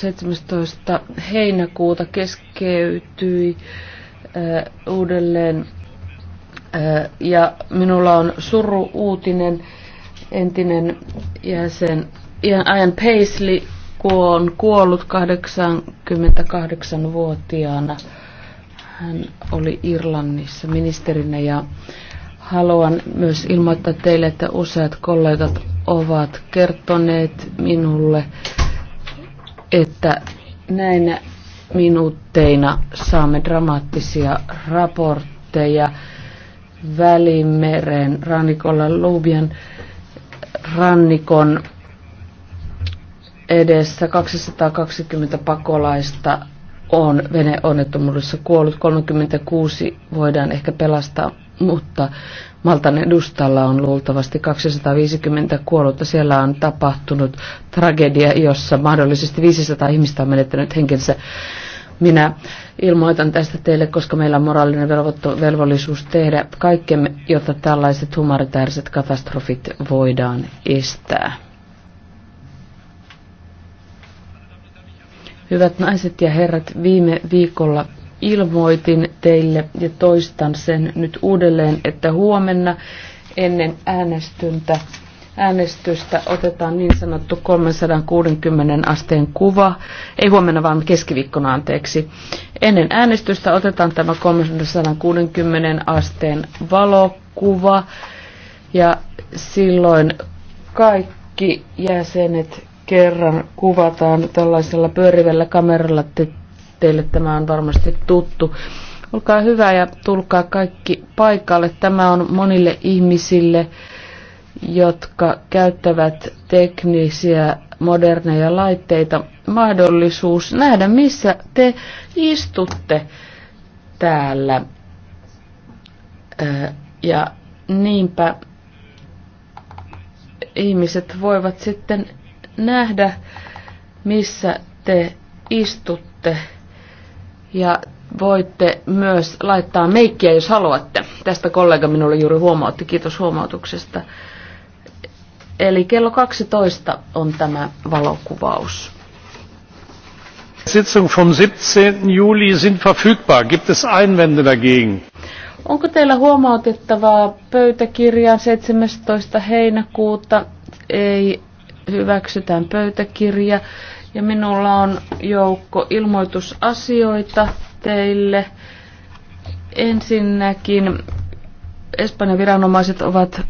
17. heinäkuuta keskeytyi äh, uudelleen äh, ja minulla on suru uutinen entinen jäsen Ian Paisley kun on kuollut 88-vuotiaana. Hän oli Irlannissa ministerinä ja haluan myös ilmoittaa teille, että useat kollegat ovat kertoneet minulle äh, että näinä minuutteina saamme dramaattisia raportteja Välimeren rannikolla Lubian rannikon edessä 220 pakolaista on veneonnettomuudessa kuollut, 36 voidaan ehkä pelastaa mutta Maltan edustalla on luultavasti 250 kuollutta. Siellä on tapahtunut tragedia, jossa mahdollisesti 500 ihmistä on menettänyt henkensä. Minä ilmoitan tästä teille, koska meillä on moraalinen velvollisuus tehdä kaikkemme, jotta tällaiset humanitaariset katastrofit voidaan estää. Hyvät naiset ja herrat, viime viikolla ilmoitin teille ja toistan sen nyt uudelleen, että huomenna ennen äänestyntä, äänestystä otetaan niin sanottu 360 asteen kuva, ei huomenna vaan keskiviikkona anteeksi. Ennen äänestystä otetaan tämä 360 asteen valokuva ja silloin kaikki jäsenet kerran kuvataan tällaisella pyörivällä kameralla. Te Teille tämä on varmasti tuttu. Olkaa hyvä ja tulkaa kaikki paikalle. Tämä on monille ihmisille, jotka käyttävät teknisiä moderneja laitteita, mahdollisuus nähdä, missä te istutte täällä. Äh, ja niinpä ihmiset voivat sitten nähdä, missä te istutte. Ja voitte myös laittaa meikkiä, jos haluatte. Tästä kollega minulle juuri huomautti. Kiitos huomautuksesta. Eli kello 12 on tämä valokuvaus. Sitzung vom 17. Juli sind verfügbar. Gibt es Einwände dagegen? Onko teillä huomautettavaa pöytäkirjaan 17. heinäkuuta? Ei hyväksytään pöytäkirja. Ja minulla on joukko ilmoitusasioita teille. Ensinnäkin Espanjan viranomaiset ovat